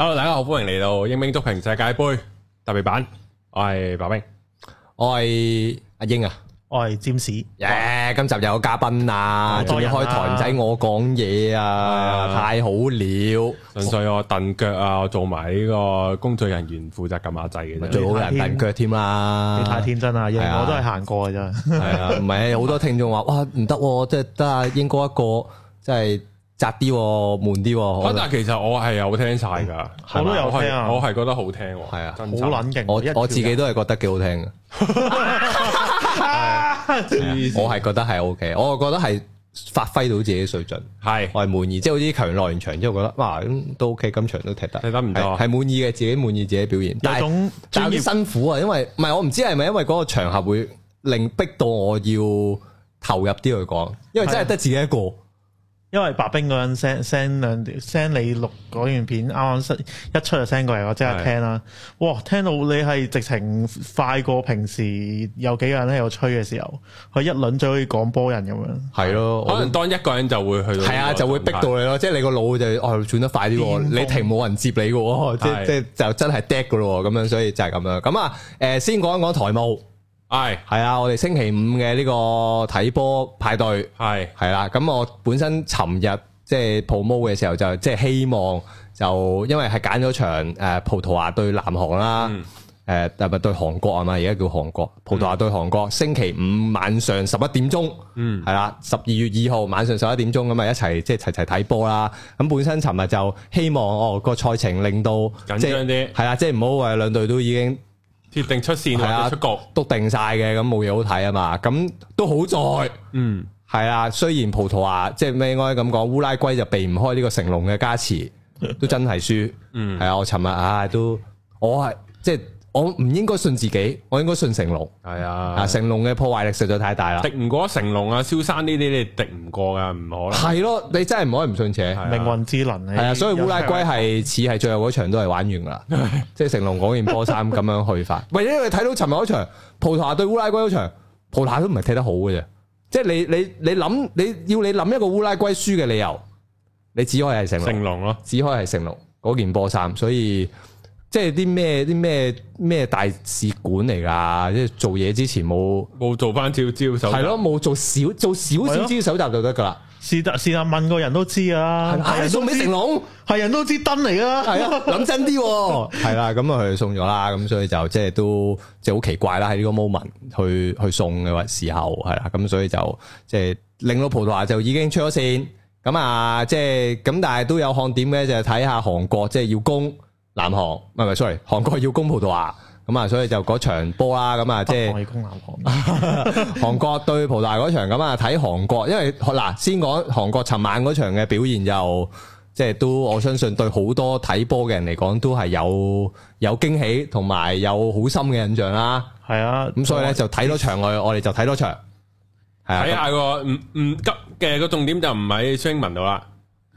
Hello，大家好，歡迎嚟到鷹兵足評世界盃特別版。我係白兵，我係阿鷹啊，我係占士。耶，今集有嘉賓啊，仲要開台仔我講嘢啊，太好了。純粹我蹬腳啊，做埋呢個工作人員負責撳下掣嘅啫，最好人蹬腳添啦。你太天真啦，英我都係行過嘅真係。係啊，唔係好多聽眾話，哇，唔得，即係得阿鷹哥一個，即係。窄啲，悶啲。咁但其實我係有聽晒噶，我都有啊，我係覺得好聽，係啊，好捻勁。我我自己都係覺得幾好聽。我係覺得係 O K，我係覺得係發揮到自己嘅水準，係我係滿意，即係好似球員落完場之後覺得哇都 O K，今場都踢得踢得唔得？係滿意嘅，自己滿意自己表現，但係仲辛苦啊，因為唔係我唔知係咪因為嗰個場合會令逼到我要投入啲去講，因為真係得自己一個。因為白兵嗰陣 send send 兩條 send 你錄講完片啱啱一出就 send 過嚟我即刻聽啦，是的 哇聽到你係直情快過平時有幾個人喺度吹嘅時候，佢一輪嘴可以講波人咁樣。係咯，可能當一個人就會去到。到，係啊，就會逼到你咯，即、就、係、是、你個腦就哦轉得快啲，誰 你停冇人接你噶，即係即係就真係 dead 噶咯咁樣，所以就係咁樣。咁啊，誒先講一講台務。係，係啊！我哋星期五嘅呢個睇波派對，係係啦。咁我本身尋日即係、就是、promo 嘅時候就即係、就是、希望就因為係揀咗場誒、呃、葡萄牙對南韓啦，誒、嗯，係咪、呃、對韓國啊嘛，而家叫韓國葡萄牙對韓國，嗯、星期五晚上十一點鐘，嗯，係啦，十二月二號晚上十、就是、一點鐘咁啊，就是、一齊即係齊齊睇波啦。咁本身尋日就希望哦、那個賽程令到緊張啲，係、就、啊、是，即係唔好話兩隊都已經。決定出線係啊，出局都定晒嘅，咁冇嘢好睇啊嘛，咁都好在，嗯，係啊，雖然葡萄牙即係咩，應該咁講，烏拉圭就避唔開呢個成龍嘅加持，都真係輸嗯，係啊，我尋日啊都，我係即係。我唔應該信自己，我應該信成龍。係啊，成龍嘅破壞力實在太大啦，敵唔過成龍啊，蕭山呢啲你敵唔過嘅，唔可能。係咯，你真係唔可以唔信邪。命運之能，係啊，所以烏拉圭係似係最後嗰場都係玩完啦，即係、啊、成龍嗰件波衫咁樣去法。喂， 因為你睇到尋日嗰場葡萄牙對烏拉圭嗰場，葡萄牙都唔係踢得好嘅啫。即係你你你諗你，你要你諗一個烏拉圭輸嘅理由，你只可以係成龍，成龍龍咯，只可以係成龍嗰件波衫，所以。即係啲咩啲咩咩大使館嚟噶？即係做嘢之前冇冇做翻照招手係咯，冇做少做少少招手集就得噶啦。是但，是但問個人都知噶啦、啊。係送俾成龍，係、啊、人都知燈嚟噶。係啊，諗真啲係啦。咁啊，佢送咗啦。咁所以就即係都即係好奇怪啦。喺呢個 moment 去去送嘅時候係啦。咁所以就即係令到葡萄牙就已經出咗線。咁啊，即係咁，但係都有點看點嘅就係睇下韓國即係要攻。南韓，唔係唔係 sorry，韓國要攻葡萄牙，咁啊，所以就嗰場波啦，咁啊，即係。攻南韓。韓國對葡萄牙嗰場咁啊，睇韓國，因為嗱，先講韓國尋晚嗰場嘅表現，又即係都我相信對好多睇波嘅人嚟講，都係有有驚喜，同埋有好深嘅印象啦。係啊，咁所以咧就睇多場，我我哋就睇多場。睇下個唔唔急嘅個重點就唔喺孫興慜度啦。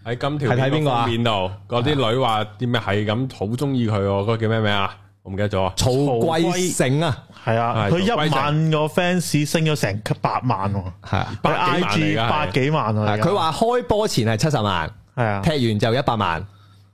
喺今條片度，嗰啲女話點咩係咁好中意佢，嗰個叫咩名啊？我唔記得咗啊！曹圭成啊，係啊，佢一萬個 fans 升咗成百萬，係啊，百幾萬嚟噶，百幾萬啊！佢話開波前係七十萬，係啊，踢完就一百萬，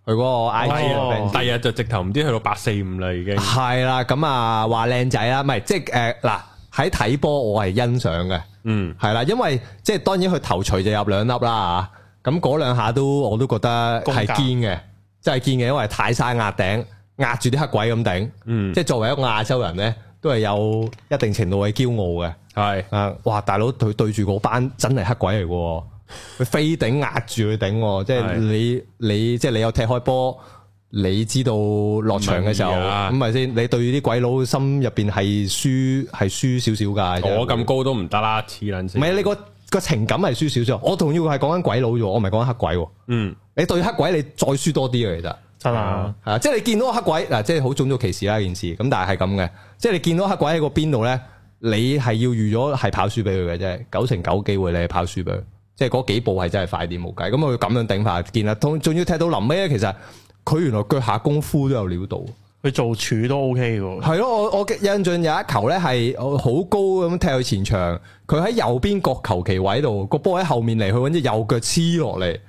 佢嗰個 IG 第日就直頭唔知去到八四五啦，已經係啦。咁啊，話靚仔啦，唔係即係誒嗱，喺睇波我係欣賞嘅，嗯，係啦，因為即係當然佢頭錘就入兩粒啦。咁嗰兩下都我都覺得係堅嘅，真係堅嘅，因為泰山壓頂，壓住啲黑鬼咁頂。嗯，即係作為一個亞洲人咧，都係有一定程度嘅驕傲嘅。係啊，哇，大佬對對住嗰班真係黑鬼嚟嘅，佢飛頂壓住佢頂，即係你你即係你有踢開波，你知道落場嘅時候，咁咪先，你對啲鬼佬心入邊係輸係輸少少噶。我咁高都唔得啦，黐撚線。唔係你個。個情感係輸少少，我仲要係講緊鬼佬啫，我唔係講緊黑鬼。嗯，你對黑鬼你再輸多啲啊，其實真係啊，啊，即係你見到黑鬼嗱，即係好種族歧視啦件事。咁但係係咁嘅，即係你見到黑鬼喺個邊度咧，你係要預咗係跑輸俾佢嘅啫，九成九機會你係跑輸俾佢，即係嗰幾步係真係快啲冇計。咁佢咁樣頂法見，見啦，同仲要踢到臨尾，其實佢原來腳下功夫都有料到。佢做柱都 OK 嘅，係咯。我我印象有一球咧，係好高咁踢去前場，佢喺右邊角球旗位度，個波喺後面嚟，佢揾隻右腳黐落嚟。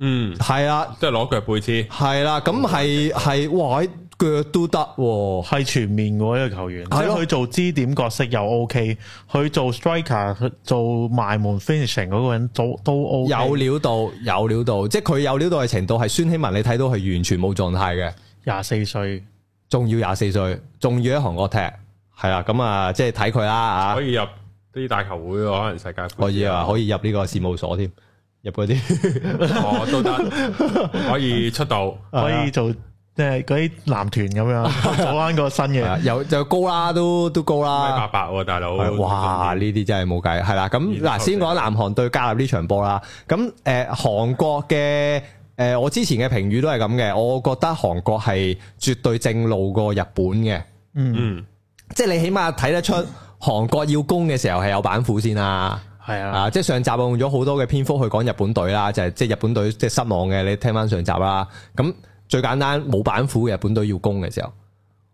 嗯，係啦的，即係攞腳背黐，係啦。咁係係，哇！腳都得，係全面嘅一、這個球員。係咯的，佢做支點角色又 OK，佢的做 striker，做埋門 finishing 嗰個人都都 OK。有料到，有料到，即係佢有料到嘅程度，係孫興慜。你睇到係完全冇狀態嘅，廿四歲。仲要廿四歲，仲要喺韓國踢，係啦，咁啊，即係睇佢啦，吓可以入啲大球會，可能世界可以啊，可以入呢個事務所添，入嗰啲哦，都得，可以出道，可以做即係嗰啲男團咁樣，做翻個新嘅，又就高啦，都都高啦，八百大佬，哇，呢啲真係冇計，係啦，咁嗱，先講南韓對加納呢場波啦，咁誒，韓國嘅。誒、呃，我之前嘅評語都係咁嘅，我覺得韓國係絕對正路過日本嘅，嗯，即係你起碼睇得出韓國要攻嘅時候係有板斧先啦，啊，係、嗯、啊，即係上集我用咗好多嘅篇幅去講日本隊啦，就係即係日本隊即係失望嘅，你聽翻上集啦。咁最簡單冇板斧嘅日本隊要攻嘅時候，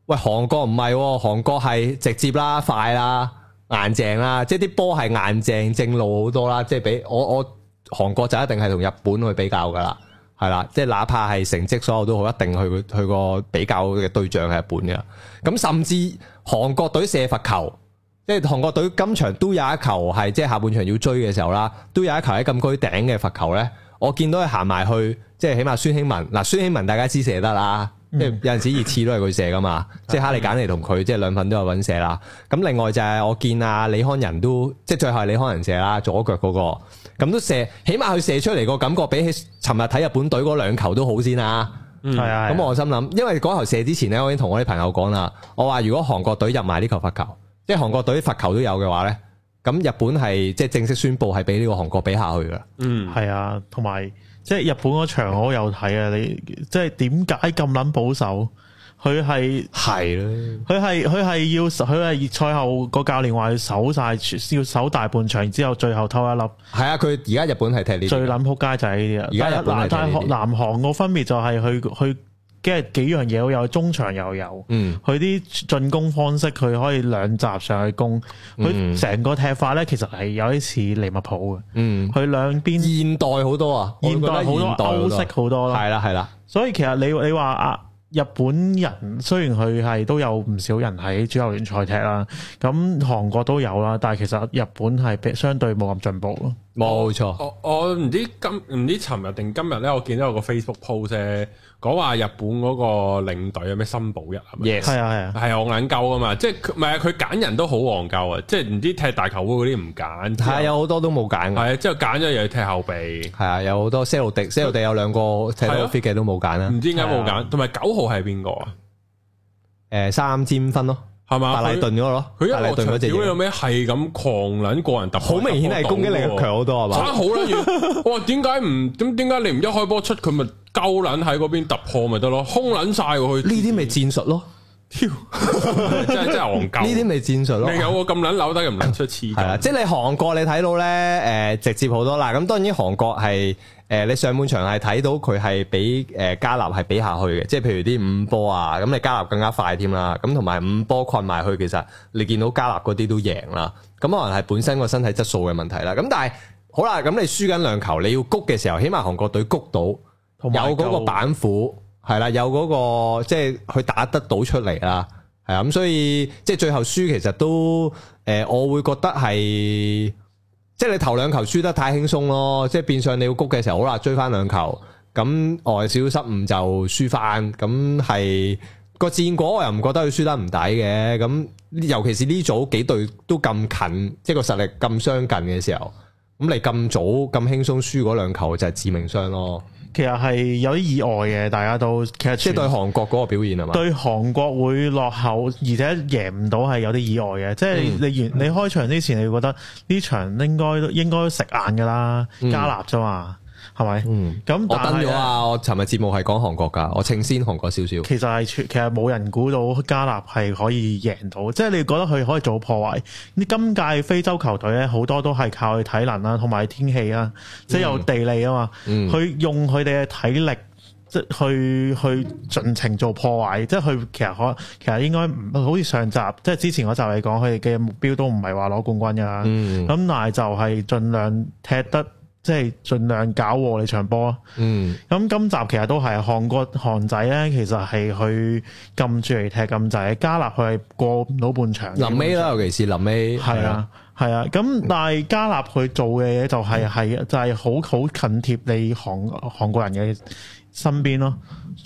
喂，韓國唔係、啊，韓國係直接啦、快啦、硬淨啦，即係啲波係硬淨正路好多啦，即係比我我韓國就一定係同日本去比較噶啦。係啦，即係哪怕係成績所有都好，一定去去個比較嘅對象係日本嘅。咁甚至韓國隊射罰球，即係韓國隊今場都有一球係即係下半場要追嘅時候啦，都有一球喺禁區頂嘅罰球咧。我見到佢行埋去，即係起碼孫興文嗱，孫興文大家知射得啦， 即係有陣時熱刺都係佢射噶嘛。即係哈利簡尼同佢，即係兩份都有揾射啦。咁另外就係我見啊李康仁都，即係最後係李康仁射啦，左腳嗰個。咁都射，起碼佢射出嚟，個感覺比起尋日睇日本隊嗰兩球都好先啦，啊。嗯，係啊。咁我心諗，嗯、因為嗰球射之前咧，我已經同我啲朋友講啦。我話如果韓國隊入埋呢球罰球，即係韓國隊罰球都有嘅話咧，咁日本係即係正式宣布係俾呢個韓國比下去噶。嗯，係啊。同埋即係日本嗰場我有睇啊，你即係點解咁撚保守？佢係係咯，佢係佢係要，佢係賽後個教練話要守晒，要守大半場，之後最後偷一粒。係啊，佢而家日本係踢呢啲最捻仆街仔呢啲啊。但係南大學南韓個分別就係佢佢即係幾樣嘢，又有中場又有，有，嗯，佢啲進攻方式，佢可以兩閘上去攻，佢成、嗯、個踢法咧，其實係有啲似利物浦嘅，嗯，佢兩邊現代好多啊，現代好多歐式好多啦、啊，係啦係啦，的所以其實你你話啊。日本人雖然佢係都有唔少人喺主流聯賽踢啦，咁、嗯、韓國都有啦，但係其實日本係比相對冇咁進步咯。冇錯，我我唔知今唔知尋日定今日咧，我見到有個 Facebook post 啫，講話日本嗰個領隊有咩森保一啊，yes 係啊係啊，我眼夠啊,啊夠嘛，即係唔係啊佢揀人都好戇鳩啊，即係唔知踢大球會嗰啲唔揀，係啊有好多都冇揀嘅，係啊之後揀咗又踢後備，係啊有好多些路迪些路迪有兩個踢左 fit 嘅都冇揀啦，唔知點解冇揀，同埋九號係邊個啊？誒三尖分咯。係嘛？大賴頓咗咯，佢一賴頓嗰隻嘢。如果你有咩係咁狂捻個人突破，打破打？好明顯係攻擊力強好多，係嘛、啊？差好啦，要哇？ 點解唔咁？點解你唔一開波出佢咪鳩捻喺嗰邊突破咪得咯？空捻晒佢。呢啲咪戰術咯？屌，真係真係戇鳩。呢啲咪戰術咯？有啊，咁捻扭得又唔捻出次。係啦，即係你韓國你睇到咧，誒、呃，直接好多嗱。咁、嗯、當然韓國，韓國係。誒，你上半場係睇到佢係比誒、呃、加納係比下去嘅，即係譬如啲五波啊，咁你加納更加快添啦，咁同埋五波困埋去，其實你見到加納嗰啲都贏啦，咁可能係本身個身體質素嘅問題啦。咁但係好啦，咁你輸緊兩球，你要谷嘅時候，起碼韓國隊谷到有嗰個板斧，係啦，有嗰、嗰個即係佢打得到出嚟啦，係啊，咁所以即係最後輸其實都誒、呃，我會覺得係。即係你頭兩球輸得太輕鬆咯，即係變相你要谷嘅時候，好啦追翻兩球，咁外少失誤就輸翻，咁係個戰果我又唔覺得佢輸得唔抵嘅，咁、嗯、尤其是呢組幾隊都咁近，即係個實力咁相近嘅時候，咁、嗯、你咁早咁輕鬆輸嗰兩球就係致命傷咯。其實係有啲意外嘅，大家都其實即係對韓國嗰個表現係嘛？對韓國會落後，而且贏唔到係有啲意外嘅。嗯、即係你完你開場之前，你會覺得呢場應該應該食硬㗎啦，加納啫嘛。嗯係咪？嗯，咁但係是我等咗啊！我尋日節目係講韓國㗎，我稱先韓國少少。其實係，其實冇人估到加納係可以贏到。即係你覺得佢可以做破壞？啲今屆非洲球隊咧，好多都係靠佢體能啦，同埋天氣啊，即係有地利啊嘛。佢、嗯、用佢哋嘅體力，即係去去盡情做破壞。即係佢其實可，其實應該唔好似上集，即係之前嗰集我就係講佢哋嘅目標都唔係話攞冠軍㗎。咁、嗯、但係就係盡量踢得。即係盡量搞和你場波啊！嗯，咁今集其實都係韓國韓仔咧，其實係去撳住嚟踢咁滯，加納佢係過唔到半場。臨尾啦，尤其是臨尾，係啊係啊，咁、啊啊、但係加納佢做嘅嘢就係、係、係、嗯、就係好好近貼你韓韓國人嘅身邊咯，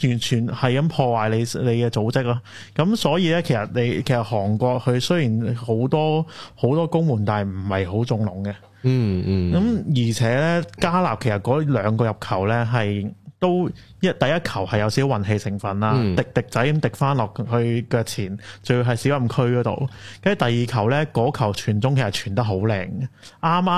完全係咁破壞你你嘅組織咯。咁所以咧，其實你其實韓國佢雖然好多好多攻門，但係唔係好中籠嘅。嗯嗯、mm。咁、hmm. 而且咧，加納其實嗰兩個入球咧係。都一第一球係有少少運氣成分啦，嗯、滴滴仔咁滴返落去腳前，仲要係小禁區嗰度。跟住第二球咧，嗰球傳中其實傳得剛剛好靚，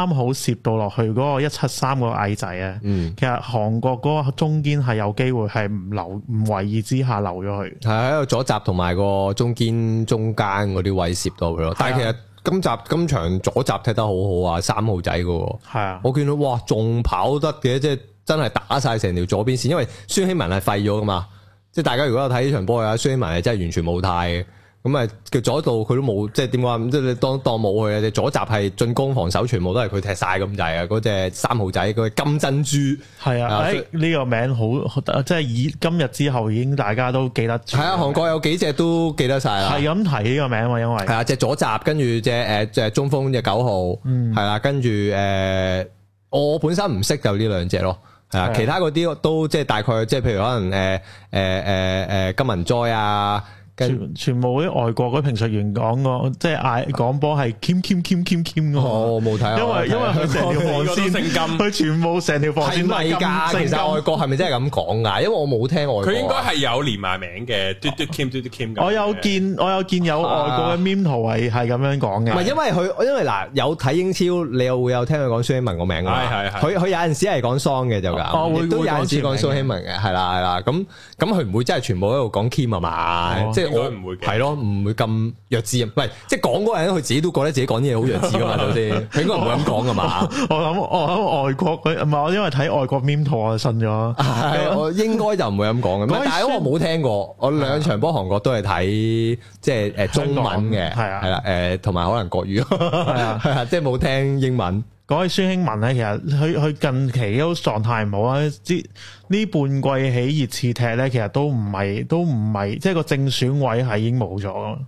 啱啱好攝到落去嗰個一七三個矮仔啊。嗯、其實韓國嗰個中堅係有機會係唔留唔為意之下留咗去，係喺個左閘同埋個中堅中間嗰啲位攝到佢咯。啊、但係其實今集今場左閘踢得好好啊，三號仔嗰個，係啊，我見到哇仲跑得嘅，即係。真係打晒成條左邊線，因為孫興慜係廢咗㗎嘛。即係大家如果有睇呢場波嘅話，孫興慜係真係完全冇態嘅。咁啊，叫左道佢都冇，即係點講？即係當當冇佢啊！左閘係進攻防守全部都係佢踢晒咁滯啊！嗰隻三號仔，嗰隻金珍洙係啊！呢個名好，即係以今日之後已經大家都記得。係啊，韓國有幾隻都記得晒啦。係咁提呢個名啊，因為係啊，隻左閘跟住隻誒隻中鋒隻九號，係啦、嗯啊，跟住誒、呃、我本身唔識就呢兩隻咯。啊！其他嗰啲都即係大概，即係譬如可能誒誒誒誒金文災啊～全部啲外國嗰評述員講個即係嗌廣播係 Kim Kim Kim Kim Kim 噶，冇睇，因為因為佢成條防線佢全部成條防線都係噶？其實外國係咪真係咁講噶？因為我冇聽外國佢應該係有連埋名嘅，我有見我有見有外國嘅 meme 圖係係咁樣講嘅。係因為佢因為嗱有睇英超，你又會有聽佢講孫興慜個名噶，佢有陣時係講 Song 嘅就咁，我都有陣時講孫興慜嘅，係啦係啦。咁咁佢唔會真係全部喺度講 Kim 啊嘛，應該唔會係咯，唔 會咁弱智，唔係即係講嗰個人，佢自己都覺得自己講啲嘢好弱智噶嘛，嗰啲佢應該唔會咁講噶嘛。我諗我諗外國佢唔係我因為睇外國片套，我就信咗 ，我應該就唔會咁講嘅。 但係我冇聽過，我兩場波韓國都係睇即係誒、呃、中文嘅，係啊，係啦、嗯，誒同埋可能國語，係 啊，即係冇聽英文。講起孫興文咧，其實佢佢近期都種狀態唔好啊！之呢半季起熱刺踢咧，其實都唔係都唔係，即係個正選位係已經冇咗噶。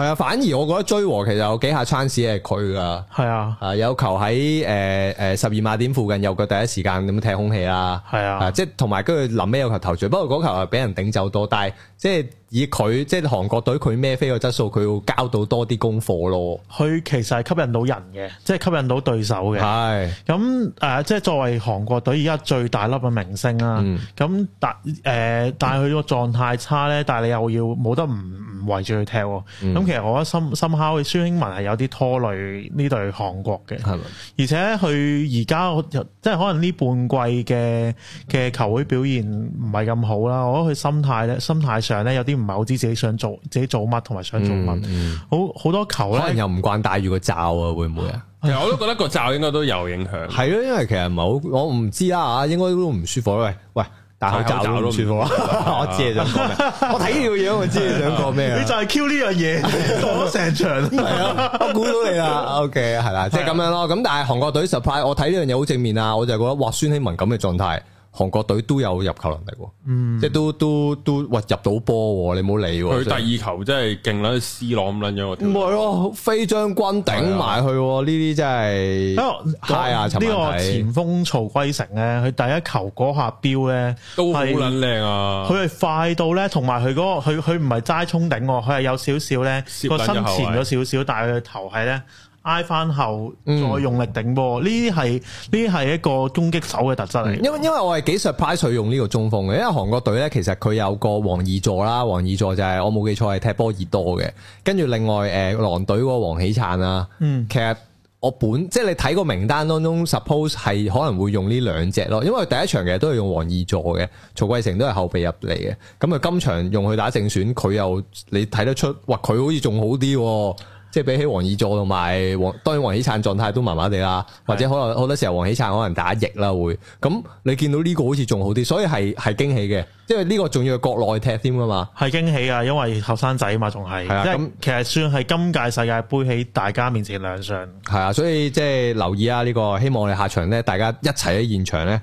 係啊，反而我覺得追和其實有幾下嘗試係佢噶。係啊，啊有球喺誒誒十二碼點附近，有個第一時間咁踢空氣啦。係啊，啊，即係同埋跟住臨尾有球投傳，不過嗰球係俾人頂走多，但係即係。以佢即係韓國隊，佢孭飛嘅質素，佢要交到多啲功課咯。佢其實係吸引到人嘅，即係吸引到對手嘅。係咁誒，即係作為韓國隊而家最大粒嘅明星啦。咁但誒，但係佢個狀態差咧，嗯、但係你又要冇得唔唔圍住佢踢。咁、嗯、其實我覺得深深刻，孫興文係有啲拖累呢隊韓國嘅。係嗎，而且佢而家即係可能呢半季嘅嘅球會表現唔係咁好啦。我覺得佢心態咧，心態上咧有啲。唔係好知自己想做自己做乜同埋想做乜，嗯、好好多球可能又唔慣戴住個罩會會啊，會唔會啊？其實我都覺得個罩應該都有影響，係咯， 因為其實唔係好，我唔知啦吓、啊，應該都唔舒服喂喂，戴口罩都唔舒服啊！我知 你想講咩？我睇你個樣， 我知你想講咩？你就係 Q 呢樣嘢，凍咗成場係啊！我估到你啦，OK 係啦，即係咁樣咯。咁但係韓國隊 surprise 我睇呢樣嘢好正面啊！ 對 我就覺得哇，孫興慜咁嘅狀態。韓國隊都有入球能力喎，嗯、即係都都都，喂入到波喎，你冇理喎。佢第二球真係勁啦，C 朗咁撚樣，唔係咯，飛將軍頂埋去，呢啲真係。係啊，呢個前鋒曹圭成咧，佢第一球嗰下標咧，都好撚靚啊！佢係快到咧，同埋佢嗰個佢佢唔係齋衝頂喎，佢係有少少咧個身前咗少少，但係佢頭係咧。拉翻後再用力頂波，呢啲係呢啲係一個攻擊手嘅特質嚟。因、嗯、因為我係幾 surprise 佢用呢個中鋒嘅，因為韓國隊呢，其實佢有個黃二座啦，黃義助就係、是、我冇記錯係踢波爾多嘅。跟住另外誒、呃，狼隊個黃喜燦啊，嗯、其實我本即係你睇個名單當中，suppose 係可能會用呢兩隻咯。因為第一場其實都係用黃義助嘅，曹圭成都係後備入嚟嘅。咁啊，今場用佢打正選，佢又你睇得出，哇，佢好似仲好啲，哦。即係比起黃義助同埋黃，當然黃喜燦狀態都麻麻地啦，是的 或者可能好多時候黃喜燦可能打翼啦，會咁你見到呢個好似仲好啲，所以係係驚喜嘅，因為呢個仲要國內踢添噶嘛，係驚喜啊，因為後生仔嘛，仲係，即係其實算係今屆世界杯喺大家面前亮相，係啊，所以即係留意啊、這個，呢個希望我哋下場咧，大家一齊喺現場咧。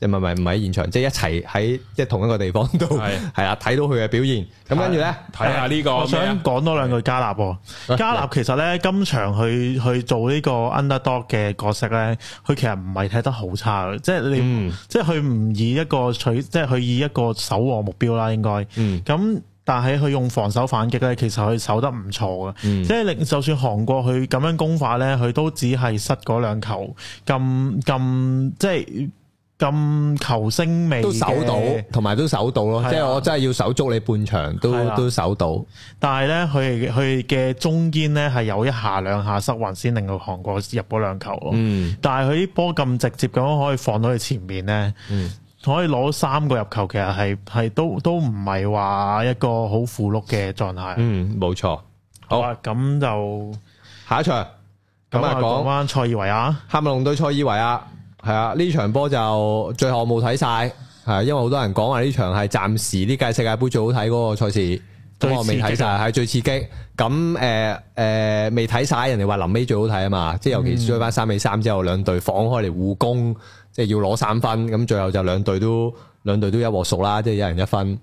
唔係唔係唔喺現場，即係一齊喺，即係同一個地方度，係 啊，睇到佢嘅表現。咁跟住咧，睇下呢個。我想講多兩句加納喎、啊。的加納其實咧，來今場去去做呢個 underdog 嘅角色咧，佢其實唔係踢得好差嘅，即係你，即係佢唔以一個取，即係佢以一個守和目標啦，應該。咁、嗯、但係佢用防守反擊咧，其實佢守得唔錯嘅，即係令就算韓國佢咁樣攻法咧，佢都只係失嗰兩球，咁咁即係。咁球星未都守到，同埋都守到咯。啊、即係我真係要守足你半場，都、啊、都守到。但係呢，佢佢嘅中堅呢係有一下兩下失魂，先令到韓國入咗兩球咯。嗯，但係佢啲波咁直接咁樣可以放到佢前面呢，嗯，可以攞三個入球，其實係係都都唔係話一個好符碌嘅狀態。嗯，冇錯。好啊，咁好就下一場咁啊，講翻塞爾維亞，喀麥隆對塞爾維亞。係啊，呢場波就最後冇睇晒，係、啊、因為好多人講話呢場係暫時呢屆世界盃最好睇嗰個賽事，咁我未睇晒係最刺激。咁誒誒，未睇晒，呃呃、人哋話臨尾最好睇啊嘛，即係尤其追咗翻三比三之後，兩隊放開嚟，互攻，即、就、係、是、要攞三分。咁最後就兩隊都兩隊都一和數啦，即、就、係、是、一人一分，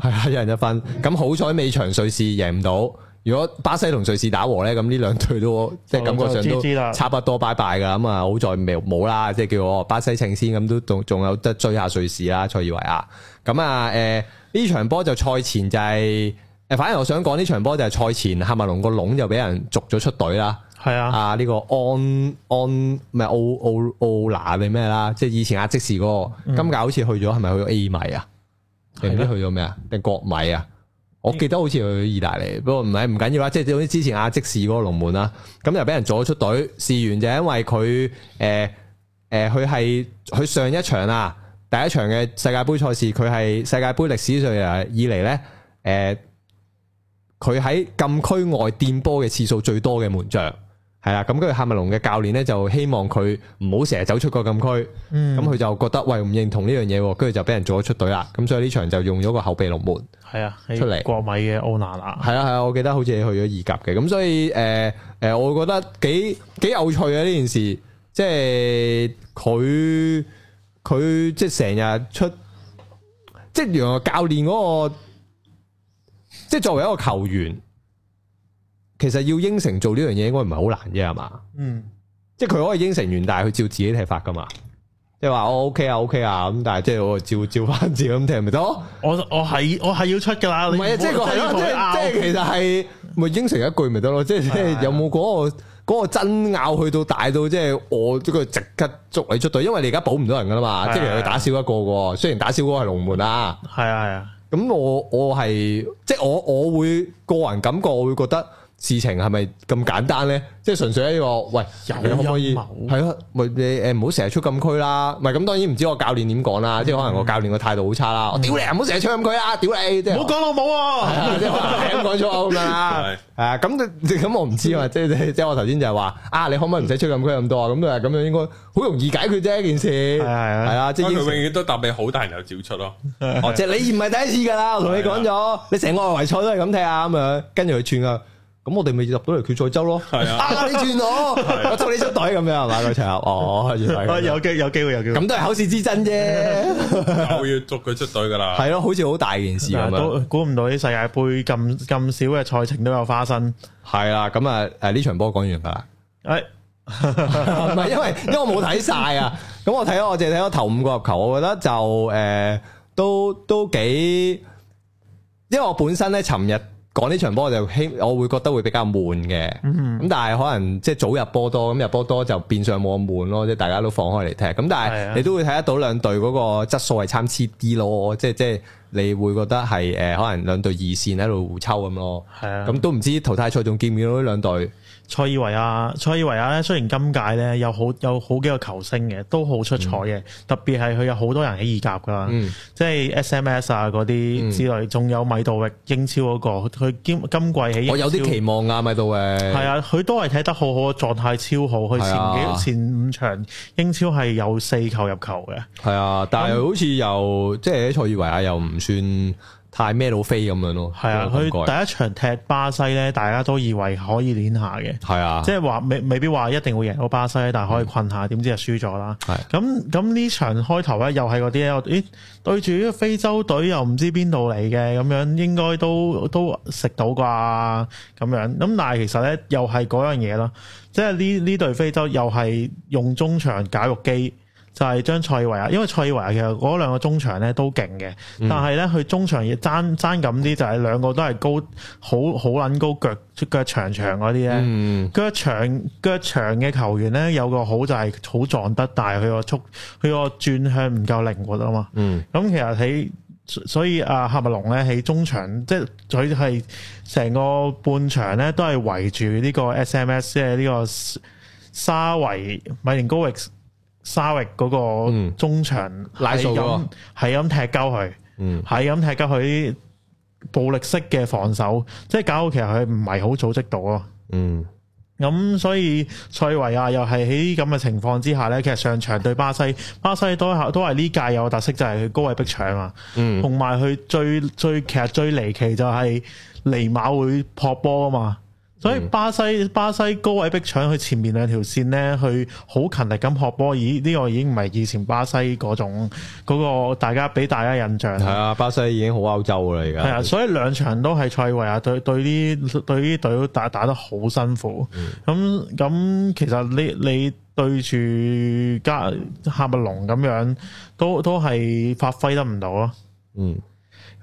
係 啊，一人一分。咁好彩尾場瑞士贏唔到。如果巴西同瑞士打和咧，咁呢兩隊都 即係感覺上都知啦，差不多拜拜噶。咁啊，好在未冇啦，即係叫做巴西勝先，咁都仲仲有得追下瑞士啦。塞爾維亞、呃就是、啊，咁啊，誒呢場波就賽前就係誒，反而我想講呢場波就係賽前喀麥隆個籠，就俾人逐咗出隊啦。係啊，啊呢個安安咪奧奧奧拿定咩啦？即係以前阿、啊、積士嗰個，嗯、今屆好似去咗，係咪去咗 A 米啊？唔知去咗咩啊？定國米啊？我記得好似去意大利，不過唔係唔緊要啦，即係好似之前阿積士嗰個龍門啦，咁又俾人阻咗出隊，試完就係因為佢誒誒，佢係佢上一場啊第一場嘅世界杯賽事，佢係世界杯歷史上啊以嚟咧誒，佢、呃、喺禁區外墊波嘅次數最多嘅門將。係啦，咁跟住夏文龍嘅教練咧，就希望佢唔好成日走出個禁區，咁佢、嗯、就覺得喂唔認同呢樣嘢，跟住就俾人做咗出隊啦。咁所以呢場就用咗個後備龍門，係啊，出嚟國米嘅奧納納。係啊係啊，我記得好似去咗意甲嘅。咁所以誒誒、呃，我覺得幾幾有趣啊呢件事，即係佢佢即係成日出，即係原來教練嗰、那個，即係作為一個球員。其實要應承做呢樣嘢，應該唔係好難啫，係嘛？嗯，即係佢可以應承完，但係佢照自己踢法噶嘛？即係話我 OK 啊，OK 啊咁，但係即係我照照翻自己咁踢咪得？我我係我係要出噶啦，唔係啊，即係即係其實係咪應承一句咪得咯？即係即係有冇嗰個嗰個爭拗去到大到即係我即個即刻捉你出隊，因為你而家保唔到人噶啦嘛，即係佢打少一個嘅，雖然打少個係龍門啊，係啊係啊，咁我我係即係我我會個人感覺我會覺得。事情係咪咁簡單咧？即係純粹喺一個喂，你可唔可以？係啊，咪誒唔好成日出禁區啦。唔係咁當然唔知我教練點講啦。即係可能我教練個態度好差啦。我屌你，唔好成日出禁區啊！屌你，即係唔好講咯，冇喎。即係講錯咁啦。係啊，咁咁我唔知啊。即係即係我頭先就係話啊，你可唔可以唔使出禁區咁多啊？咁啊，咁樣應該好容易解決啫，一件事係係啊。即係佢永遠都答你好大人有照出咯。哦，即係你唔係第一次噶啦。我同你講咗，你成個外圍賽都係咁踢啊，咁樣跟住佢串佢。咁我哋咪入到嚟決賽周咯，係啊，啊！你轉我，啊，我捉你出隊咁樣係嘛？我一齊哦，有機有機會有機，咁都係口舌之爭啫。又要捉佢出隊噶啦，係咯，啊，好似好大件事咁樣。估唔，啊、到啲世界盃咁咁少嘅賽程都有花生，係啦，啊。咁啊誒呢場波講完噶啦，係唔係？因為因為我冇睇晒啊。咁 我睇咗，我淨係睇咗頭五個入球。我覺得就誒、呃，都都，都幾。因為我本身咧，尋日。講呢場波就希，我會覺得會比較悶嘅。咁、嗯、哼但係可能即係早入波多，咁入波多就變相冇咁悶咯。即係大家都放開嚟踢。咁但係你都會睇得到兩隊嗰個質素係參差啲咯。即係即係你會覺得係誒，可能兩隊二線喺度互抽咁咯。咁、嗯哼嗯、都唔知淘汰賽仲見唔見到呢兩隊。塞爾維亞，塞爾維亞咧，雖然今屆咧有好有好幾個球星嘅，都好出彩嘅，嗯、特別係佢有好多人喺意甲噶，嗯、即係 S M S 啊嗰啲之類，仲、嗯、有米杜域英超嗰、那個，佢今今季喺英超，我有啲期望啊米杜域，係啊，佢都係睇得好好，狀態超好，佢前幾、啊、前五場英超係有四球入球嘅，係啊，但係好似又、嗯、即係喺塞爾維亞又唔算。太咩路飛咁樣咯，係啊！佢第一場踢巴西咧，大家都以為可以攣下嘅，係啊，即係話未未必話一定會贏到巴西，但係可以困下，點、嗯、知就輸咗啦。係咁咁呢場開頭咧，又係嗰啲咧，咦對住呢個非洲隊又唔知邊度嚟嘅咁樣，應該都都食到啩咁樣。咁但係其實咧，又係嗰樣嘢咯，即係呢呢隊非洲又係用中場絞肉機。就係將塞爾維亞，因為塞爾維亞，其實嗰兩個中場咧都勁嘅，嗯、但係咧佢中場要爭爭噉啲就係、是、兩個都係高好好撚高腳腳長長嗰啲咧，腳長腳長嘅球員咧有個好就係、是、好撞得，但係佢個速佢個轉向唔夠靈活啊嘛。咁、嗯、其實喺所以啊，夏密隆咧喺中場，即係佢係成個半場咧都係圍住呢個 S M S 即係呢個沙維米連高域。沙域嗰個中場係咁係咁踢鳩佢，係咁踢鳩佢暴力式嘅防守，即係搞到其實佢唔係好組織到咯。嗯，咁所以塞維亞又係喺咁嘅情況之下咧，其實上場對巴西，巴西都係都係呢屆有特色，就係、是、佢高位逼搶啊。嗯，同埋佢最最其實最離奇就係尼馬會撲波啊嘛。所以巴西巴西高位逼搶，佢前面兩條線呢，佢好勤力咁學波，咦？呢個已經唔係以前巴西嗰種嗰、嗰個大家俾大家印象。係啊，巴西已經好歐洲噶啦，而家。係啊，所以兩場都係賽位啊，對對呢對呢隊打打得好辛苦。咁咁、嗯，其實你你對住加夏密隆咁樣，都都係發揮得唔到囉。嗯。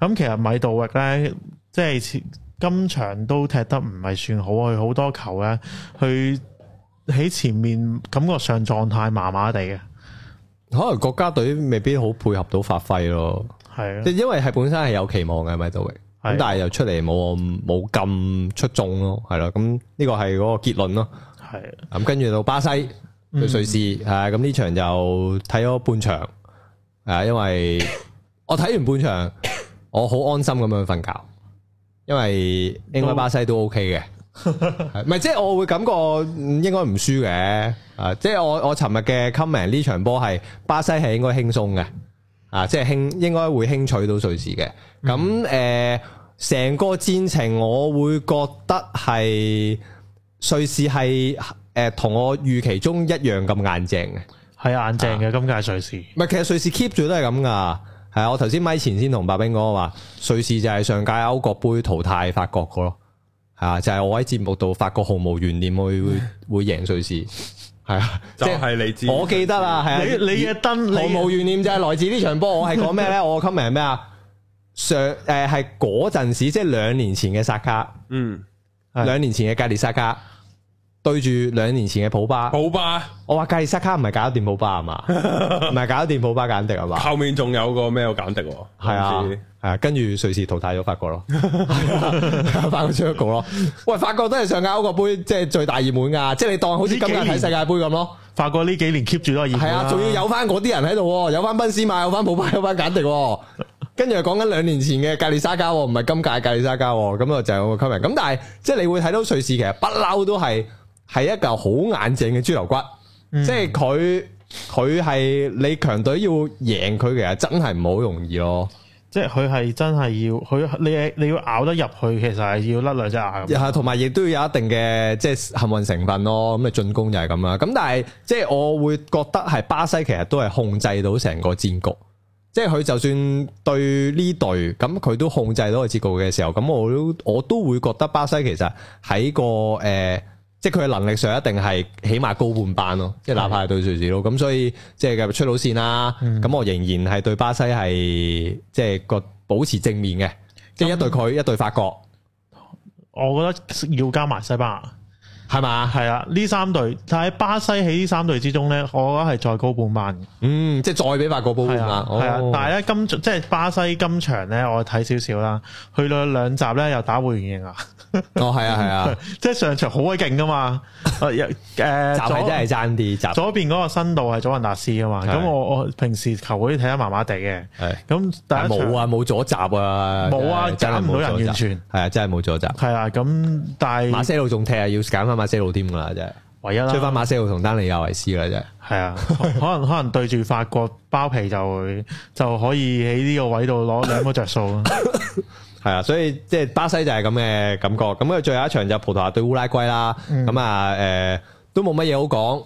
咁其實米杜域咧，即係。今場都踢得唔係算好，佢好多球咧，佢喺前面感覺上狀態麻麻地嘅，可能國家隊未必好配合到發揮咯。係的，因為係本身係有期望嘅咪就係，咁的但係又出嚟冇冇咁出眾咯，係啦。咁呢個係嗰個結論咯。係的，咁跟住到巴西對瑞士，係咁呢場就睇咗半場，係啊，因為我睇完半場，我好安心咁樣瞓覺。因為應該巴西都 OK 嘅，唔係，即係我會感覺應該唔輸嘅，啊即係、就是、我我尋日嘅 comment，呢場波係巴西係應該輕鬆嘅，啊即係輕應該會輕取到瑞士嘅，咁誒成個戰情我會覺得係瑞士係誒同我預期中一樣咁硬淨嘅，係啊硬淨嘅，今屆瑞士，唔係其實瑞士 keep 住都係咁噶。係啊，我頭先咪前先同白兵講我話，瑞士就係上屆歐國杯淘汰法國個咯，係啊，就係我喺節目度法國毫無懸念去會贏瑞士，係啊，即係你知， 我記得啊，係啊，你燈你嘅燈毫無懸念就係來自場呢場波，我係講咩咧？我 comment 係咩啊？上誒係嗰陣時，即係兩年前嘅薩卡，嗯，兩年前嘅格列薩卡。對住兩年前嘅普巴普巴，普巴我話格里沙卡唔係搞掂普巴係嘛，唔係 搞掂普巴簡迪係嘛？後面仲有個咩個簡迪，啊？係啊係啊，跟住瑞士淘汰咗法國咯， 啊、法國出一局咯。喂，法國都係上屆歐國盃即係最大熱門噶，即係你當好似今屆睇世界盃咁咯。法國呢幾年 keep 住都係熱門啊，仲、啊、要有翻嗰啲人喺度，有翻賓斯馬，有翻普巴，有翻簡迪。 跟住又講緊兩年前嘅格里沙卡，唔係今屆格里沙卡，咁啊就有個 comment。咁但係即係你會睇到瑞士其實不嬲都係係一嚿好硬淨嘅豬頭骨，嗯、即係佢，佢係你強隊要贏佢其實，真係唔好容易咯。即係佢係真係要佢，你，你要咬得入去，其實係要甩兩隻牙。同埋亦都要有一定嘅即係幸運成分咯。咁啊，進攻就係咁啦。咁但係即係我會覺得係巴西，其實都係控制到成個戰局。即係佢就算對呢隊咁，佢都控制到個戰局嘅時候，咁我都我都會覺得巴西其實喺個誒。呃即係佢嘅能力上一定係起碼高半班咯，是即哪怕係對瑞士咯，咁所以即係出到線啦。咁我仍然係對巴西係即係個保持正面嘅，嗯、即係一對佢一對法國，我覺得要加埋西班牙。係嘛？係啊！呢三隊，但喺巴西喺呢三隊之中咧，我覺得係再高半萬。嗯，即係再俾八個半嘛。係啊，但係咧今即係巴西今場咧，我睇少少啦。去到兩閘咧又打回原形啊！哦，係啊，係啊，即係上場好鬼勁噶嘛！誒，集係真係爭啲閘。左邊嗰個深度係左雲達斯噶嘛？咁我我平時球會睇得麻麻地嘅。係咁，但係冇啊，冇左閘啊，冇啊，揀唔到人，完全係啊，真係冇左閘。係啊，咁但係馬西路仲踢啊，要揀馬西路添噶啦，啫唯一啦，追翻馬西路同丹尼亞維斯啦，啫係啊，可能可能對住法國包皮就 就可以喺呢個位度攞兩個着數，係啊， 所以即係巴西就係咁嘅感覺。咁佢最後一場就葡萄牙對烏拉圭啦，咁啊、嗯，誒、呃、都冇乜嘢好講，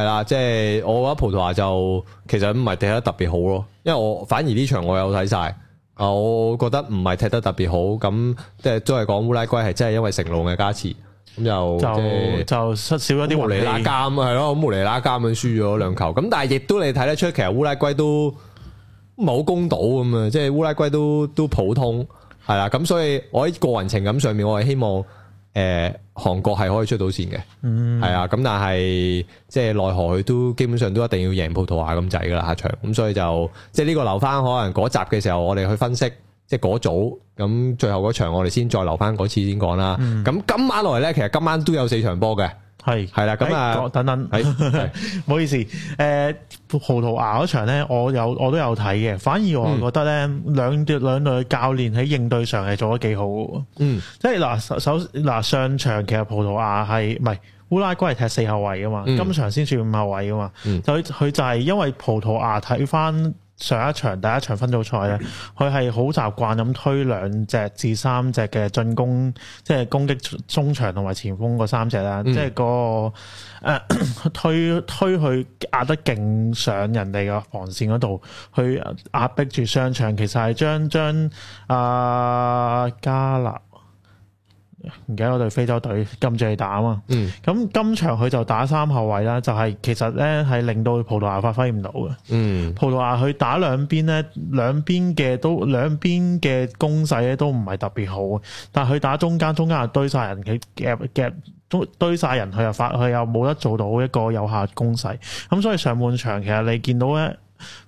係啦，即係我覺得葡萄牙就其實唔係踢得特別好咯，因為我反而呢場我有睇晒，我覺得唔係踢得特別好，咁即係都係講烏拉圭係真係因為成龍嘅加持。咁又就就即就失少咗啲無厘啦更，係、嗯、咯，無厘啦更咁輸咗兩球。咁、嗯嗯嗯、但係亦都你睇得出，其實烏拉圭都冇攻到咁啊，即係烏拉圭都都普通係啦。咁所以我喺個人情感上面，我係希望誒、呃、韓國係可以出到線嘅，係啊。咁但係即係奈何佢都基本上都一定要贏葡萄牙咁滯㗎喇，下場，咁所以就即係呢個留返可能嗰集嘅時候，我哋去分析。即係嗰組咁，最後嗰場我哋先再留翻嗰次先講啦。咁、嗯、今晚來呢，其實今晚都有四場波嘅。係係啦，咁的、欸、啊等等，唔是 好意思。誒、呃，葡萄牙嗰場咧，我有我都有睇嘅。反而我係覺得呢，嗯、兩隊兩隊教練喺應對上係做得幾好，嗯，即係嗱首嗱上場其實葡萄牙係唔係烏拉圭係踢四後衞嘅嘛？嗯、今場先算五後位嘅嘛？佢佢就係因為葡萄牙睇翻。上一場第一場分組賽咧，佢係好習慣咁推兩隻至三隻嘅進攻，即係攻擊中場同埋前鋒嗰三隻啦，嗯、即係嗰、嗰個、呃、推推去壓得勁上人哋嘅防線嗰度，去壓迫住商場，其實係將將阿、呃、加納。唔記得我對非洲隊禁住你打啊嘛，咁、嗯、今場佢就打三後衛啦，就係、是、其實咧係令到葡萄牙發揮唔到嘅。嗯、葡萄牙佢打兩邊咧，兩邊嘅都兩邊嘅攻勢咧都唔係特別好，但係佢打中間，中間係堆晒人，佢夾夾都堆晒人，佢又發，佢又冇得做到一個有效攻勢。咁所以上半場其實你見到咧，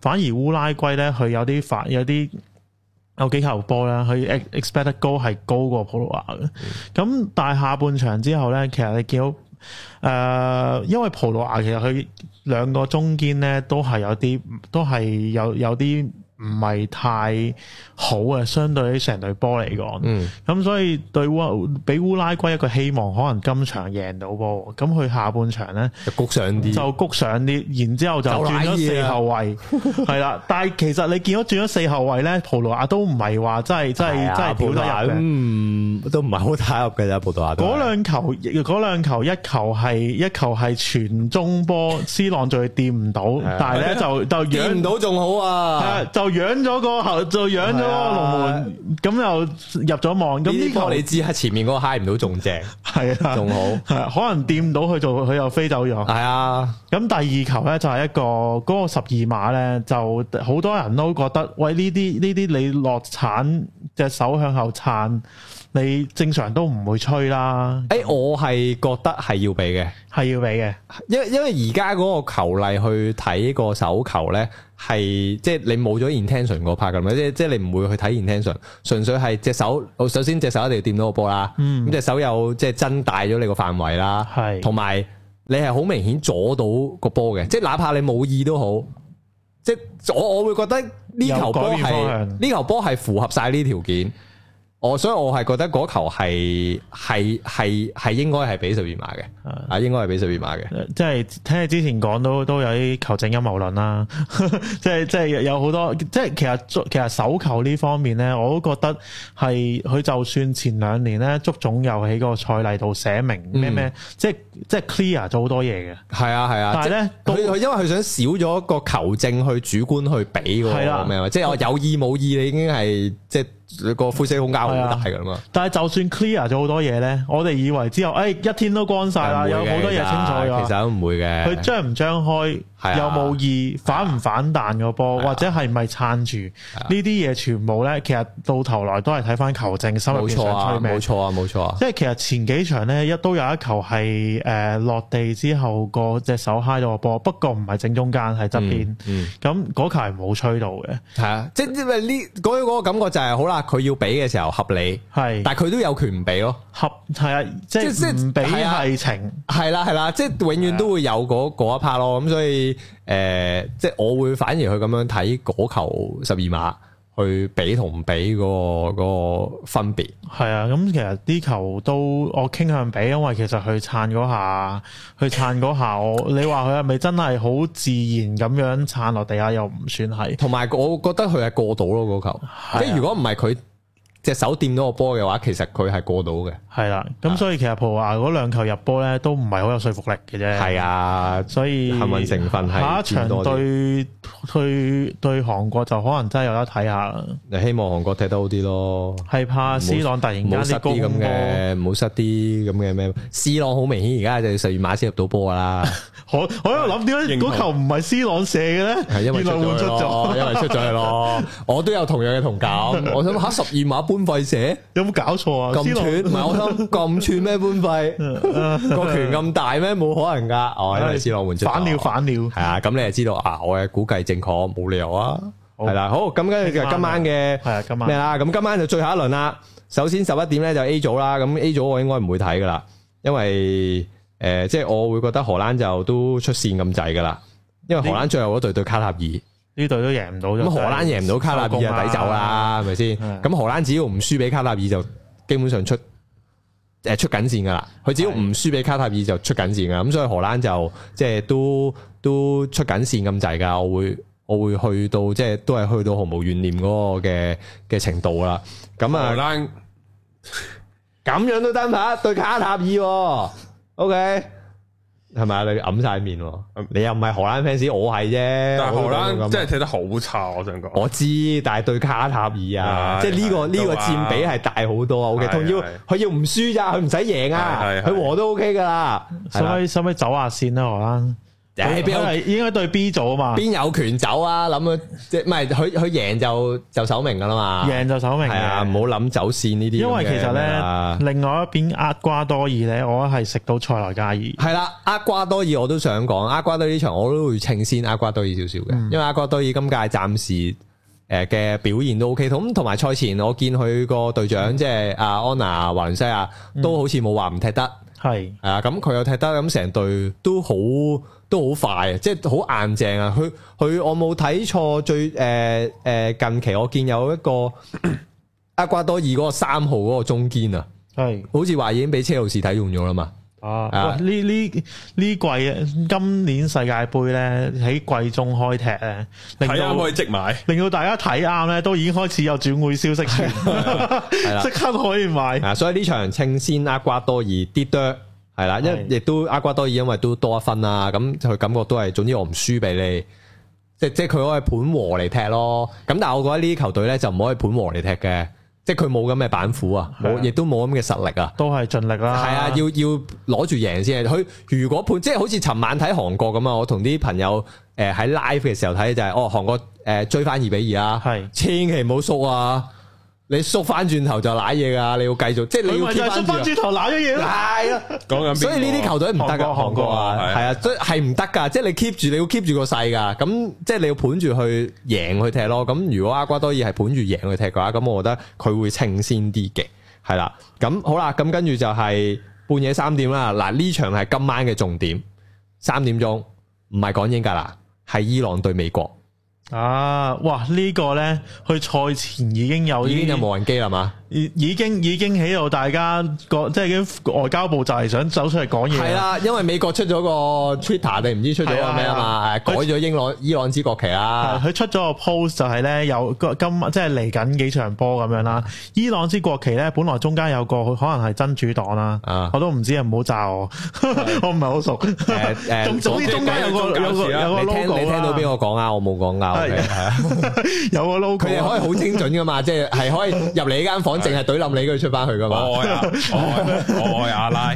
反而烏拉圭咧佢有啲發有啲。有幾球波啦，佢 expect 高係高過葡萄牙嘅。咁、嗯、但係下半場之後咧，其實你見到誒，因為葡萄牙其實佢兩個中堅咧都係有啲，都係有都有啲，有唔係太好啊，相對於成隊波嚟講，咁、嗯、所以對烏俾烏拉圭一個希望，可能今場贏到波，咁佢下半場呢，就谷上啲，就谷上啲，然之後就轉咗四後衞，係啦、啊。但係其實你見到轉咗四後衞呢，葡萄牙都唔係話真係、啊、真係真係表態，都都唔係好體育嘅葡萄牙。嗰、嗯、兩球，嗰兩球，一球係一球係傳中波，C 朗仲掂唔到，啊、但係呢，就就掂唔到仲好啊， 養咗、那個後就養咗個龍門，咁、啊、又入咗網，咁呢球，球你知係前面嗰個嗨唔到仲正，係啊，仲好、啊，可能掂到佢就佢又飛走咗。係啊，咁第二球咧就係、是、一個嗰、那個十二碼咧，就好多人都覺得喂呢啲呢啲你落鏟隻手向後撐。你正常都唔會吹啦。誒、欸，我係覺得係要俾嘅，係要俾嘅。因因為而家嗰個球例去睇個手球咧，係即係你冇咗 intention 嗰 part 咁，即係即係你唔會去睇 intention，純粹係隻手，首先隻手一定要掂到個波啦。嗯，咁隻手又即係增大咗你個範圍啦。係，同埋你係好明顯阻到個波嘅，即係哪怕你冇意都好，即係我我會覺得呢球波係呢球波係符合晒呢條件。我所以，我係覺得嗰球係係係係應該係俾十二碼嘅，啊的應該係俾十二碼嘅。即係聽你之前講都都有啲球證陰謀論啦。 即係即係有好多，即係其實其實手球呢方面咧，我都覺得係佢就算前兩年咧，足總又喺個賽例度寫明咩咩，即係呢即係 clear 咗好多嘢嘅。係啊係啊，但係咧佢佢因為佢想少咗個球證去主觀去俾嗰、那個咩的即係我有意冇意你已經係即係。你個灰色空間好大㗎嘛、啊？但係就算 clear 咗好多嘢咧，我哋以為之後，誒、哎、一天都乾晒啦，有好多嘢清楚，其實都唔會嘅。佢張唔張開？有冇意反唔反彈個波，或者係咪撐住？呢啲嘢全部咧，其實到頭來都係睇翻球證心入去吹咩。冇錯啊，冇錯啊，冇錯啊！即係其實前幾場咧，一都有一球係誒落地之後個隻手嗨到個波，不過唔係正中間，係側邊。咁嗰球係冇吹到嘅。係啊，即係因為呢嗰個感覺就係好啦，佢要俾嘅時候合理。係，但係佢都有權唔俾咯。合係啊，即係即係唔俾係情。係啦係啦，即係永遠都會有嗰一 part 咯。咁所以。誒、呃，即係我會反而去咁樣睇嗰球十二碼去比同唔比嗰、嗰個、嗰個分別係啊。咁其實啲球都我傾向比，因為其實佢撐嗰下，佢撐嗰下我你話佢係咪真係好自然咁樣撐落地下又唔算係。同埋我覺得佢係過度咯嗰球。啊、即係如果唔係佢，隻手掂到個波嘅話，其實佢係過到嘅。係啦，咁所以其實葡萄牙嗰兩球入波咧，都唔係好有說服力嘅啫。係啊，所以幸運成分係下一場對對對韓國就可能真係有得睇下啦。你希望韓國踢得好啲咯？係怕 C 朗突然間失啲咁嘅，冇失啲咁嘅咩？C 朗好明顯而家就十二碼先入到波啦。我我喺度諗點解嗰球唔係 C 朗射嘅咧？因為出咗咯，因為出咗咯。我都有同樣嘅同感。我想下十二碼。潘費社有冇搞錯啊？咁串唔係我諗咁串咩？潘費個權咁大咩？冇可能噶。哦，係啊，先我換轉。反了反了，係啊。咁你就知道啊？我嘅估計正確，冇理由啊。係啦，好。咁跟住就今晚嘅咩啦？咁今晚就最後一輪啦。首先十一點咧就 A 組啦。咁 A 組我應該唔會睇噶啦，因為誒，即係我會覺得荷蘭就都出線咁滯噶啦。因為荷蘭最後嗰隊對卡塔爾。呢隊都贏唔到咁，荷蘭贏唔到卡塔爾就抵走啦，係咪先？咁 荷蘭只要唔輸俾卡塔爾就基本上出誒、呃、出緊線噶啦，佢只要唔輸俾卡塔爾就出緊線噶，咁所以荷蘭就即係都都出緊線咁滯噶，我會我會去到即係都係去到毫無懸念嗰個嘅嘅程度啦。咁啊，荷蘭咁 樣都單拍對卡塔爾，哦，OK。係咪啊？你揞晒面咯，嗯、你又唔係荷蘭 fans，我係啫。但荷蘭真係踢得好差，我想講。我知，但係對卡塔爾啊，哎、即係、呢個、呢個呢、呢個佔比係大好多啊。O K，同要佢要唔輸咋，佢唔使贏啊，佢和都 O K 噶啦。使唔使使唔使走下先啦，荷蘭？佢邊係應該對 B 組啊嘛？邊有權走啊？諗啊，即係唔係佢佢贏就就首名噶啦嘛？贏就首名係啊！唔好諗走線呢啲。因為其實咧，另外一邊厄瓜多爾咧，我係食到塞內加爾。係啦，厄瓜多爾我都想講，厄瓜多爾呢場我都會撐先，厄瓜多爾少少嘅。因為厄瓜多爾今屆暫時誒嘅表現都 OK，咁同埋賽前我見佢個隊長即係阿安娜華倫西亞都好似冇話唔踢得。係係啊，咁佢又踢得，咁成隊都好。都好快，即係好硬淨啊！佢佢我冇睇錯，最誒誒、呃、近期我見有一個厄瓜多爾嗰個三號嗰個中堅啊，係是，好似話已經俾車路士睇中咗啦嘛。啊，呢呢呢季今年世界杯咧喺季中開踢咧，睇啱可以即買，令到大家睇啱咧都已經開始有轉會消息，的 即刻可以買。啊， 所以呢場稱先厄瓜多爾跌哆。 係啦，因為亦都厄瓜多爾，因為都多一分啦，咁佢感覺都係，總之我唔輸俾你，即係即係佢可以盤和嚟踢咯。咁但係我覺得呢啲球隊咧就唔可以盤和嚟踢嘅，即係佢冇咁嘅板斧啊，亦都冇咁嘅實力啊。都係盡力啦。係啊，要要攞住贏先。佢如果盤，即係好似尋晚睇韓國咁啊，我同啲朋友誒喺 live 嘅時候睇就係，哦韓國誒追翻二比二啦，係千祈唔好縮啊。你縮翻轉頭就瀨嘢噶，你要繼續，即係你要 keep 翻住。縮翻轉頭瀨咗嘢咯。瀨咯、啊。講緊咩？所以呢啲球隊唔得噶，韓國啊，係啊，都係唔得噶。即係、就是、你 keep 住，你要 keep 住個勢噶。咁即係你要盤住去贏去踢咯。咁如果阿瓜多爾係盤住贏去踢嘅話，咁我覺得佢會清先啲嘅。係啦，咁好啦，咁跟住就係半夜三點啦。嗱、啊，呢場係今晚嘅重點，三點鐘唔係講英格蘭，係伊朗對美國。啊！哇！這個、呢個咧，去賽前已經有已經有無人機啦嘛？已已經已經起到大家，即係已經外交部就係想走出嚟講嘢。係啦，因為美國出咗個 Twitter 定唔知出咗個咩啊嘛，改咗英朗伊朗之國旗啦。佢出咗個 post 就係咧，有今即係嚟緊幾場波咁樣啦。伊朗之國旗咧，本來中間有個可能係真主黨啦，我都唔知，唔好炸我，我唔係好熟。總之中間有個有個 logo 啦。你聽到邊個講啊？我冇講啊。有個 logo。佢哋可以好精準噶嘛，即係係可以入嚟呢間房。淨係懟冧你佢出翻去噶嘛？我愛，我我愛阿拉，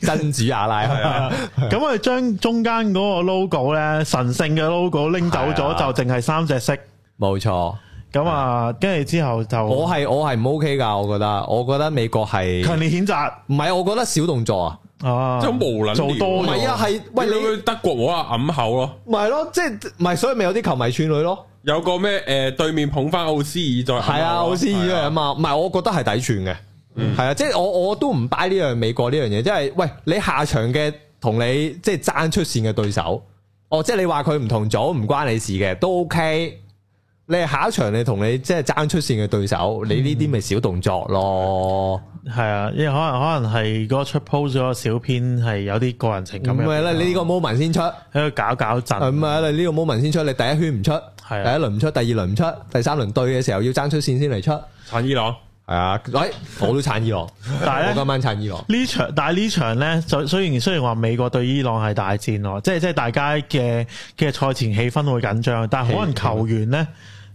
真主阿拉係啊。咁我將中間嗰個 logo 咧，神聖嘅 logo 拎走咗，就淨係三隻色。冇錯。咁啊，跟住之後就我係我係唔 ok 噶，我覺得，我覺得美國係強烈譴責。唔係，我覺得小動作啊。哦，即係好無捻料，唔係啊，係喂，喂你去德國我話暗口咯，唔係咯，即係唔係，所以咪有啲球迷串女咯，有個咩誒、呃、對面捧翻奧斯爾再係啊奧斯爾啊嘛，唔係我覺得係抵串嘅，係、嗯、啊，即係我我都唔 buy 呢樣美國呢樣嘢，即係喂你下場嘅同你即係爭出線嘅對手，哦，即係你話佢唔同組唔關你事嘅都 OK。你係下一場，你同你即係爭出線嘅對手，嗯、你呢啲咪小動作咯。係啊，因為可能可能係嗰出 post 咗個小編係有啲個人情感。唔係啦，你呢個 moment 先出喺度搞搞震。唔係你呢個 moment 先出，你第一圈唔出，係、啊、第一輪唔出，第二輪唔出，第三輪對嘅時候要爭出線先嚟出。撐伊朗係啊，喂我都撐伊朗，啊哎、伊朗 但係是我今晚撐伊朗呢場，但係呢場咧，所雖然雖然話美國對伊朗係大戰咯，即係即係大家嘅嘅賽前氣氛會緊張，但係可能球員咧。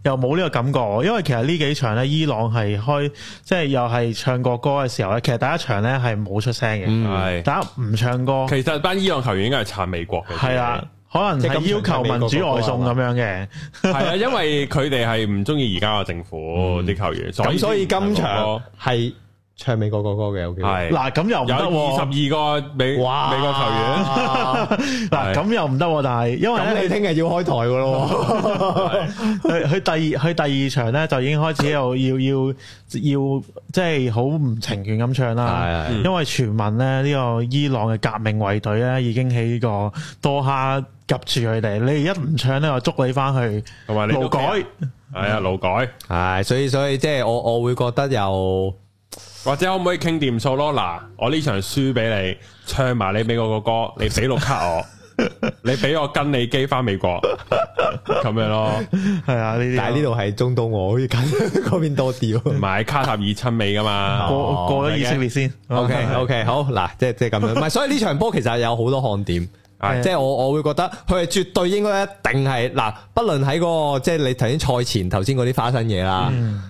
又冇呢個感覺，因為其實呢幾場咧，伊朗係開即係又係唱國歌嘅時候咧，其實第一場咧係冇出聲嘅，係，大家唔唱歌。其實班伊朗球員應該係撐美國嘅，係啦，可能係要求民主外送咁樣嘅，係啊， 因為佢哋係唔中意而家嘅政府啲球員，咁、嗯、所,所以今場係。唱美國國歌嘅，有幾？係嗱，咁又唔得喎！有二十二個美哇美國球員。嗱，咁又唔得喎！但係因為咧，你聽日要開台㗎咯，去去第二去第二場咧，就已經開始又要要要即係好唔情願咁唱啦。係係，因為傳聞咧，呢個伊朗嘅革命衛隊咧已經喺個多哈及住佢哋，你一唔唱咧，我捉你翻去同埋你勞改，係啊，勞改係，所以所以即係我我會覺得又。或者可唔可以傾掂數咯？嗱，我呢場輸俾你，唱埋你美國嘅歌，你俾六卡我，你俾我跟你機翻美國，咁 樣咯。係啊，但係呢度係中東我，我嗰邊多啲。唔係卡塔爾親美噶嘛？ 過咗以色列先。O K O K，好嗱，即係即係咁樣。唔係，所以呢場波其實有好多看點。係， 即係我我會覺得佢係絕對應該一定係嗱，不論喺個即係你頭先賽前頭先嗰啲花生嘢啦。嗯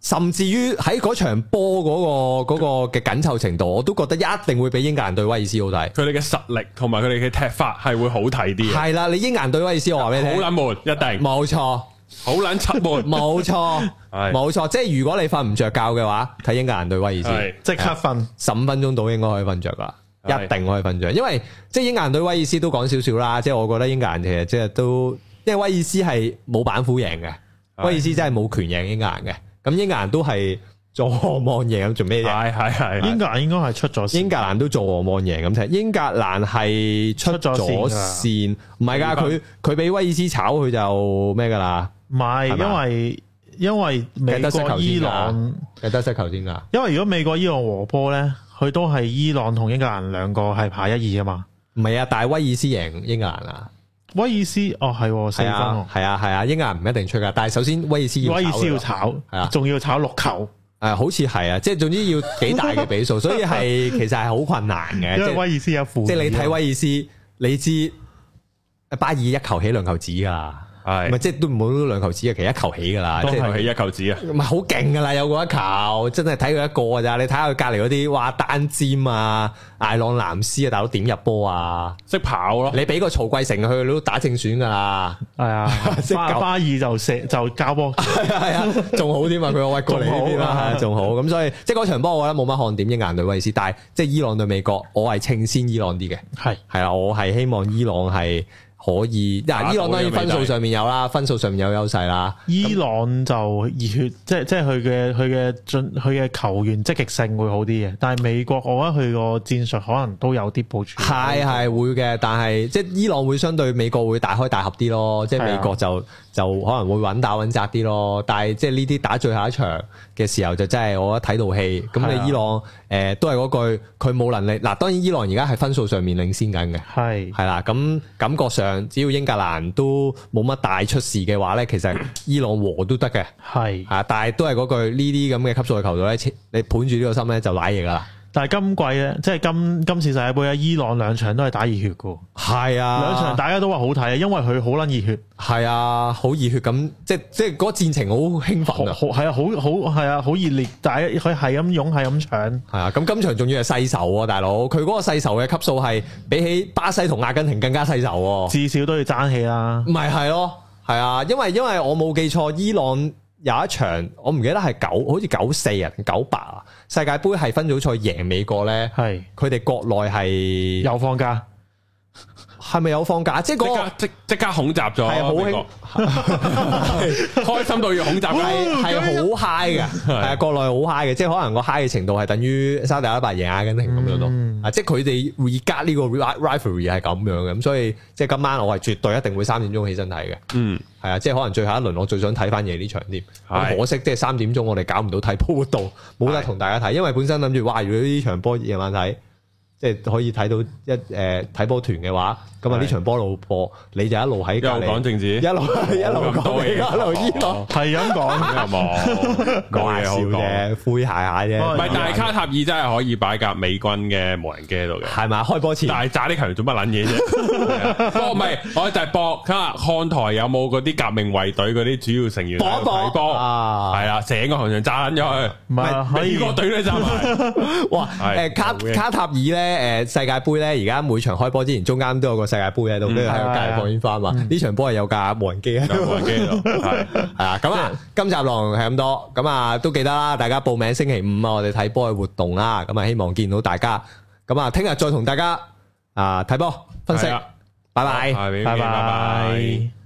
甚至於喺嗰場波嗰個嗰個嘅緊湊程度，我都覺得一定會比英格蘭對威爾斯好睇。佢哋嘅實力同埋佢哋嘅踢法係會好睇啲。係啦，你英格蘭對威爾斯，我話俾你聽，嗯，好撚悶一定。冇錯，好撚出悶，冇錯，冇錯。即係如果你瞓唔着覺嘅話，睇英格蘭對威爾斯，即刻瞓十五分鐘到應該可以瞓着噶，一定可以瞓着。因為即係英格蘭對威爾斯都講少少啦，即係我覺得英格蘭其實即係都，因為威爾斯係冇板斧贏嘅，威爾斯真係冇權贏英格蘭嘅。咁英格蘭都係坐和望贏咁做咩啫？係係係，英格蘭應該係出咗線，英格蘭都坐和望贏咁睇，英格蘭係出咗線，唔係噶，佢佢俾威爾斯炒，佢就咩噶啦？唔係吧，因為因為美國伊朗係得失球先噶。因為如果美國伊朗和波咧，佢都係伊朗同英格蘭兩個係排一二啊嘛。唔係啊，大威爾斯贏英格蘭啊。威爾斯哦係四分哦係啊係啊英格蘭唔一定出噶，但係首先威爾斯，威爾斯要炒，係啊的，仲要炒六球，誒、嗯，好似係啊，即係總之要幾大嘅比數， 所以係其實係好困難嘅。 即威爾斯有負，即係你睇威爾斯，你知巴爾一球起兩球止噶。係，咪即係都唔好兩球止，其實一球起噶啦，一球起一球止啊！咪好勁噶啦，有嗰一球，真係睇佢一個噶咋？你睇下佢隔籬嗰啲，哇，單尖啊，艾朗南斯啊，大佬點入波啊？識跑咯、啊！你俾個曹圭成去都打正選噶啦，係啊，巴爾就射就交波，係啊係啊，仲好添啊！佢屈過嚟呢啲嘛，仲好咁，所以即係嗰場波，我覺得冇乜看點，伊朗對威斯，但係即係伊朗對美國，我係稱先伊朗啲嘅，係係啦，我係希望伊朗係。可以，嗱，伊朗當然分數上面有啦，分數上面有優勢啦。伊朗就熱血，即係即係佢嘅佢嘅進，佢嘅球員積極性會好啲嘅。但係美國，我覺得佢個戰術可能都有啲部署。係係會嘅，但係即係伊朗會相對美國會大開大合啲咯，的即係美國就。就可能會穩打穩紮啲咯，但係即係呢啲打最後一場嘅時候，就真係我一睇到氣。咁的你伊朗誒、呃、都係嗰句，佢冇能力。嗱，當然伊朗而家喺分數上面領先緊嘅，係係啦。咁感覺上，只要英格蘭都冇乜大出事嘅話呢，其實伊朗和都得嘅，係嚇的、啊。但係都係嗰句，呢啲咁嘅級數嘅球隊咧，你盤住呢個心呢，就賴嘢噶啦。但係今季咧，即係今今次世界盃咧，伊朗兩場都係打熱血噶，係啊，兩場大家都話好睇啊，因為佢好捻熱血，係啊，好熱血咁，即係即係嗰個戰情好興奮啊，係啊，好好係啊，好熱烈，但係佢係咁勇，係咁搶，係啊，咁今場仲要係世仇啊，大佬，佢嗰個世仇嘅級數係比起巴西同阿根廷更加世仇，啊，至少都要爭氣啦，啊，唔係係咯，係啊，因為因為我冇記錯，伊朗，有一場，我唔記得係九，好似九四啊，九八啊，世界盃係分組賽贏美國咧，係佢哋國內係有放假。係咪有放假？即係即即刻恐襲咗，開心到要恐襲，係係好 high 嘅，係啊， 國內好 high 嘅，即係可能個 high 嘅程度係等於沙地阿拉伯贏阿根廷咁樣咯。啊、嗯，即係佢哋 regard 呢個 rivalry ri 係咁樣嘅，咁所以即係今晚我係絕對一定會三點鐘起身睇嘅。嗯，係啊，即係可能最後一輪我最想睇翻夜呢場添。是可惜即係三點鐘我哋搞唔到睇波活動，冇得同大家睇，因為本身諗住哇，如果呢場波夜晚睇，即係可以睇到一誒睇波團嘅話。咁啊！呢場波老播，你就一路喺度，一路講政治，一路一路講，一路依落，係咁講，冇講笑啫，灰鞋鞋啫。唔係大卡塔爾真係可以擺架美軍嘅無人機喺度嘅，係嘛？開波前，但係炸啲球做乜撚嘢啫？博唔係，我哋大博，佢話看台有冇嗰啲革命衛隊嗰啲主要成員嚟睇波，係啊！成個球場炸緊咗去，唔係美國隊都炸就，哇！誒卡卡塔爾咧誒世界盃咧，而家每場開波之前中間都有個。世界盃喺度，喺度架放煙花嘛？呢場波係有架無人機喺度，無人機喺度，係係啊！咁啊，今集浪係咁多，咁啊都記得啦！大家報名星期五啊，我哋睇波嘅活動啦，咁啊希望見到大家。咁啊，聽日再同大家啊睇波分析，拜拜，拜拜。